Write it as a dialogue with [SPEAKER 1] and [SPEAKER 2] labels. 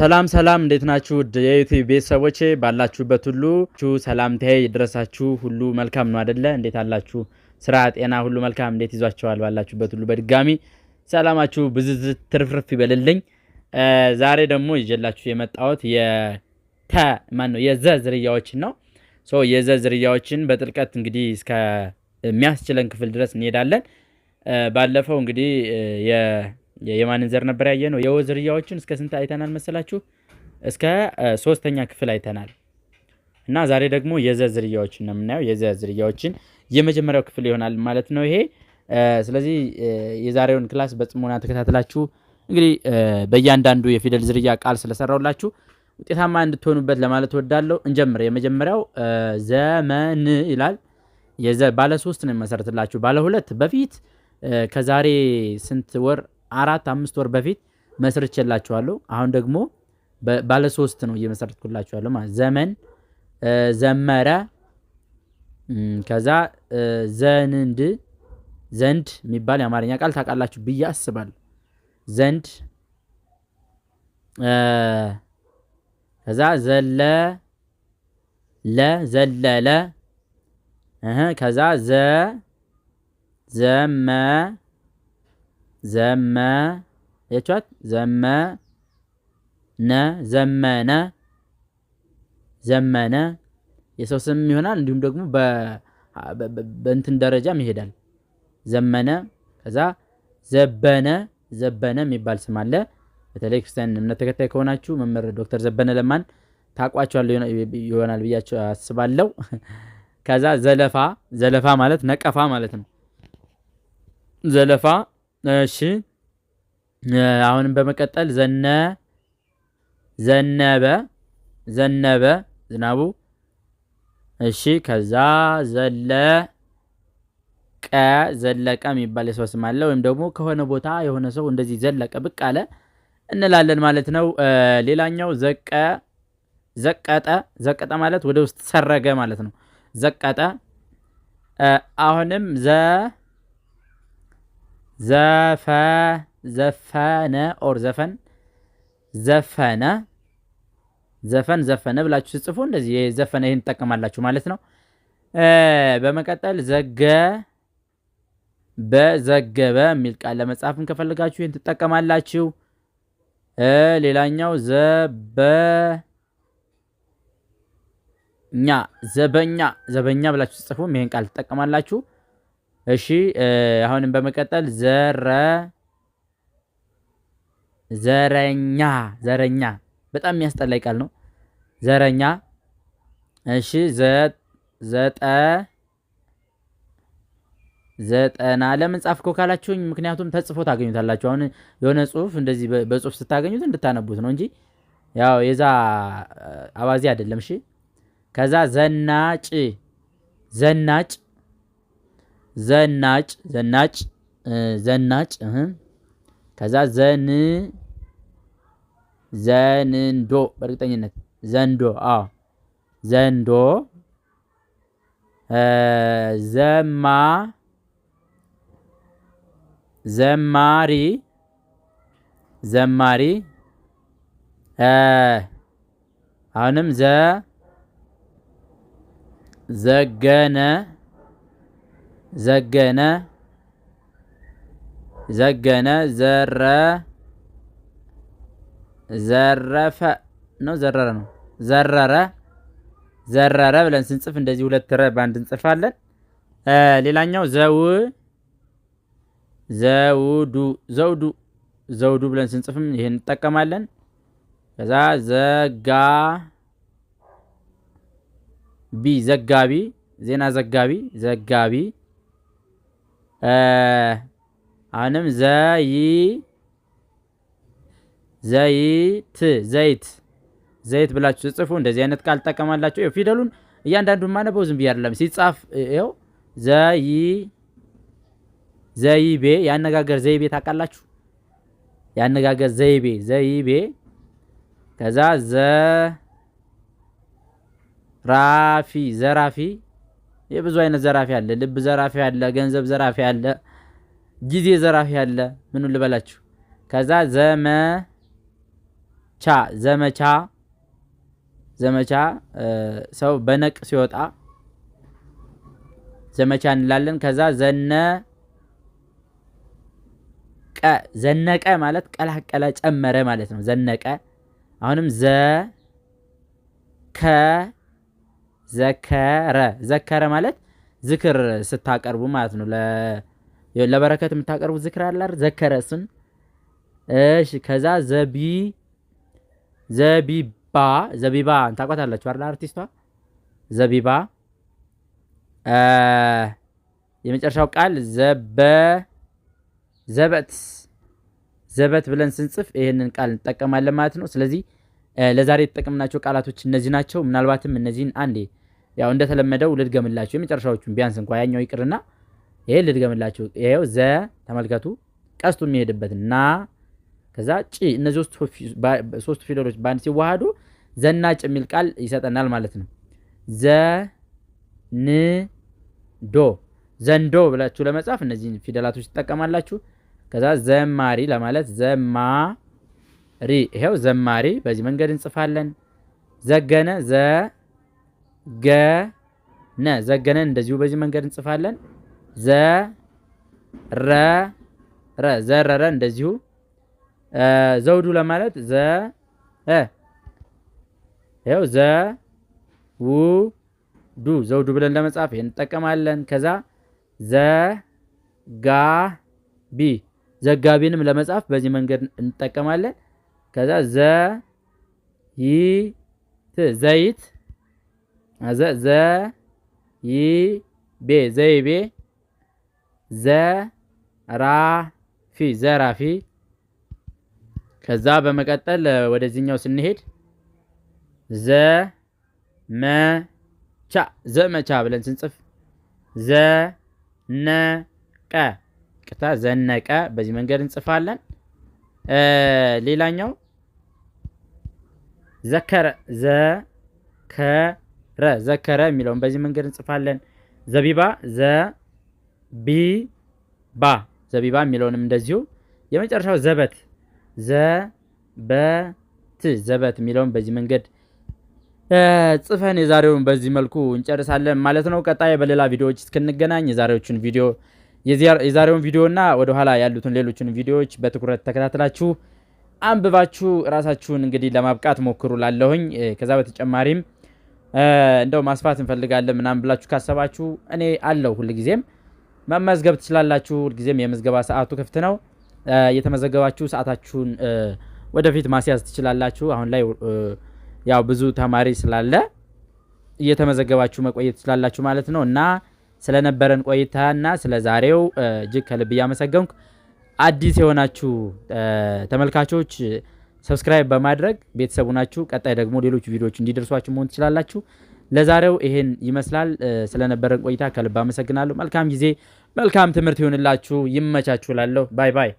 [SPEAKER 1] ሰላም ሰላም፣ እንዴት ናችሁ? ውድ የዩቲዩብ ቤተሰቦቼ ባላችሁበት ሁሉ ሰላምታዬ ይድረሳችሁ። ሁሉ መልካም ነው አደለ? እንዴት አላችሁ? ስራ፣ ጤና ሁሉ መልካም እንዴት ይዟቸዋል? ባላችሁበት ሁሉ በድጋሚ ሰላማችሁ ብዝዝ ትርፍርፍ ይበልልኝ። ዛሬ ደግሞ ይዤላችሁ የመጣሁት የተ ማን ነው የዘ ዝርያዎችን ነው። ሶ የዘ ዝርያዎችን በጥልቀት እንግዲህ እስከሚያስችለን ክፍል ድረስ እንሄዳለን። ባለፈው እንግዲህ የማንን ዘር ነበር ያየ ነው? የወ ዝርያዎችን እስከ ስንት አይተናል መሰላችሁ? እስከ ሶስተኛ ክፍል አይተናል። እና ዛሬ ደግሞ የዘ ዝርያዎችን ነው የምናየው። የዘ ዝርያዎችን የመጀመሪያው ክፍል ይሆናል ማለት ነው ይሄ። ስለዚህ የዛሬውን ክላስ በጽሞና ተከታትላችሁ እንግዲህ በእያንዳንዱ የፊደል ዝርያ ቃል ስለሰራውላችሁ ውጤታማ እንድትሆኑበት ለማለት ወዳለው እንጀምር። የመጀመሪያው ዘመን ይላል። የዘ ባለ ሶስት ነው የመሰረትላችሁ። ባለ ሁለት በፊት ከዛሬ ስንት ወር አራት አምስት ወር በፊት መስርቼላችኋለሁ። አሁን ደግሞ ባለ ሶስት ነው እየመሰረትኩላችኋለሁ ማለት ዘመን፣ ዘመረ፣ ከዛ ዘንድ ዘንድ የሚባል የአማርኛ ቃል ታውቃላችሁ ብዬ አስባለሁ። ዘንድ ከዛ ዘለ ለ ዘለለ ከዛ ዘ ዘመ ዘመ ያችኋት ዘመነ ዘመነ ዘመነ የሰው ስም ይሆናል። እንዲሁም ደግሞ በእንትን ደረጃም ይሄዳል። ዘመነ ከዛ ዘበነ ዘበነ የሚባል ስም አለ። በተለይ ክርስቲያን እምነት ተከታይ ከሆናችሁ መምህር ዶክተር ዘበነ ለማን ታቋቸዋለሁ ይሆናል ብያቸው አስባለሁ። ከዛ ዘለፋ ዘለፋ ማለት ነቀፋ ማለት ነው። ዘለፋ እሺ አሁንም በመቀጠል ዘነ ዘነበ ዘነበ ዝናቡ እሺ ከዛ ዘለቀ ዘለቀ የሚባል የሰው ስም አለ። ወይም ደግሞ ከሆነ ቦታ የሆነ ሰው እንደዚህ ዘለቀ ብቅ አለ እንላለን ማለት ነው። ሌላኛው ዘቀ ዘቀጠ ዘቀጠ ማለት ወደ ውስጥ ሰረገ ማለት ነው። ዘቀጠ አሁንም ዘ ዘፈነ ኦር ዘፈን ዘፈነ ዘፈን ዘፈነ ብላችሁ ስጽፉ እንደዚህ የዘፈነ ይህን ትጠቀማላችሁ ማለት ነው። በመቀጠል ዘገ በዘገበ የሚል ቃል ለመጻፍም ከፈልጋችሁ ይህን ትጠቀማላችሁ። ሌላኛው ዘበኛ ዘበኛ ዘበኛ ብላችሁ ስጽፉም ይህን ቃል ትጠቀማላችሁ። እሺ አሁንም በመቀጠል ዘረ ዘረኛ ዘረኛ በጣም የሚያስጠላይ ቃል ነው። ዘረኛ እሺ ዘጠ ዘጠና ለምን ጻፍከው ካላችሁኝ፣ ምክንያቱም ተጽፎ ታገኙታላችሁ። አሁን የሆነ ጽሁፍ እንደዚህ በጽሁፍ ስታገኙት እንድታነቡት ነው እንጂ ያው የዛ አባዜ አይደለም። እሺ ከዛ ዘናጭ ዘናጭ ዘናጭ ዘናጭ ዘናጭ ከዛ ዘን ዘንዶ በእርግጠኝነት ዘንዶ አዎ ዘንዶ ዘማ ዘማሪ ዘማሪ አሁንም ዘ ዘገነ ዘገነ ዘገነ ዘረ ዘረፈ ነው ዘረረ ነው ዘረረ ዘረረ ብለን ስንጽፍ እንደዚህ ሁለት ረ በአንድ እንጽፋለን። ሌላኛው ዘው ዘውዱ ዘውዱ ዘውዱ ብለን ስንጽፍም ይሄን እንጠቀማለን። ከዛ ዘጋ ቢ ዘጋቢ ዜና ዘጋቢ ዘጋቢ አሁንም ዘይ ዘይት ዘይት ዘይት ብላችሁ ስጽፉ እንደዚህ አይነት ቃል ትጠቀማላችሁ። ይኸው ፊደሉን እያንዳንዱን ማነበው ዝም ብዬ አይደለም። ሲጻፍ ይኸው ዘይ ዘይቤ ያነጋገር ዘይቤ ታውቃላችሁ? ያነጋገር ዘይቤ ዘይቤ ከዛ ዘራፊ ዘራፊ የብዙ አይነት ዘራፊ አለ። ልብ ዘራፊ አለ፣ ገንዘብ ዘራፊ አለ፣ ጊዜ ዘራፊ አለ። ምኑ ልበላችሁ? ከዛ ዘመቻ ዘመቻ ዘመቻ ሰው በነቅ ሲወጣ ዘመቻ እንላለን። ከዛ ዘነቀ ዘነቀ ማለት ቀላቀለ፣ ጨመረ ማለት ነው። ዘነቀ አሁንም ዘ ከ ዘከረ ዘከረ ማለት ዝክር ስታቀርቡ ማለት ነው። ለበረከት የምታቀርቡ ዝክር አላር ዘከረ እሱን። እሺ ከዛ ዘቢ ዘቢባ ዘቢባ ታውቋታላችሁ አይደል? አርቲስቷ ዘቢባ። የመጨረሻው ቃል ዘበ ዘበት ዘበት ብለን ስንጽፍ ይህንን ቃል እንጠቀማለን ማለት ነው። ስለዚህ ለዛሬ የተጠቀምናቸው ቃላቶች እነዚህ ናቸው። ምናልባትም እነዚህን አንዴ ያው እንደተለመደው ልድገምላቸው የመጨረሻዎቹን ቢያንስ እንኳ ያኛው ይቅርና ይሄ ልድገምላቸው። ይሄው ዘ ተመልከቱ፣ ቀስቱ የሚሄድበት ና ከዛ ጭ፣ እነዚህ ሶስቱ ፊደሎች በአንድ ሲዋሃዱ ዘናጭ የሚል ቃል ይሰጠናል ማለት ነው። ዘ ን ዶ ዘንዶ ብላችሁ ለመጻፍ እነዚህን ፊደላቶች ትጠቀማላችሁ። ከዛ ዘማሪ ለማለት ዘማ ሪ ይሄው ዘማሪ በዚህ መንገድ እንጽፋለን። ዘገነ ነ ዘገነ እንደዚሁ በዚህ መንገድ እንጽፋለን። ዘረረ ዘረረ እንደዚሁ ዘውዱ ለማለት ዘ ይሄው ዘ ው ዱ ዘውዱ ብለን ለመጻፍ ይሄን እንጠቀማለን። ከዛ ዘጋቢ ዘጋቢንም ለመጻፍ በዚህ መንገድ እንጠቀማለን። ከዛ ዘ ይ ዘይት ዘ ዘ ይ ቤ ዘይቤ ዘ ራፊ ዘራፊ። ከዛ በመቀጠል ወደዚህኛው ስንሄድ ዘ መቻ ዘመቻ ብለን ስንጽፍ ዘ ነቀ ቅታ ዘነቀ በዚህ መንገድ እንጽፋለን። ሌላኛው ዘከረ ዘከረ ዘከረ የሚለውን በዚህ መንገድ እንጽፋለን። ዘቢባ ዘቢባ ዘቢባ የሚለውንም እንደዚሁ። የመጨረሻው ዘበት ዘበት ዘበት የሚለውን በዚህ መንገድ ጽፈን የዛሬውን በዚህ መልኩ እንጨርሳለን ማለት ነው። ቀጣይ በሌላ ቪዲዮዎች እስክንገናኝ የዛሬዎቹን ቪዲዮ የዛሬውን ቪዲዮ እና ወደኋላ ያሉትን ሌሎችን ቪዲዮዎች በትኩረት ተከታትላችሁ አንብባችሁ ራሳችሁን እንግዲህ ለማብቃት ሞክሩ ላለሁኝ። ከዛ በተጨማሪም እንደው ማስፋት እንፈልጋለን ምናምን ብላችሁ ካሰባችሁ እኔ አለው ሁልጊዜም መመዝገብ ትችላላችሁ። ሁልጊዜም የምዝገባ ሰዓቱ ክፍት ነው። የተመዘገባችሁ ሰዓታችሁን ወደፊት ማስያዝ ትችላላችሁ። አሁን ላይ ያው ብዙ ተማሪ ስላለ እየተመዘገባችሁ መቆየት ትችላላችሁ ማለት ነው እና ስለነበረን ቆይታና ስለ ዛሬው እጅግ ከልብ እያመሰገንኩ አዲስ የሆናችሁ ተመልካቾች ሰብስክራይብ በማድረግ ቤተሰቡ ናችሁ። ቀጣይ ደግሞ ሌሎች ቪዲዮዎች እንዲደርሷችሁ መሆን ትችላላችሁ። ለዛሬው ይህን ይመስላል። ስለነበረን ቆይታ ከልብ አመሰግናለሁ። መልካም ጊዜ፣ መልካም ትምህርት ይሆንላችሁ። ይመቻችሁ ላለሁ ባይ ባይ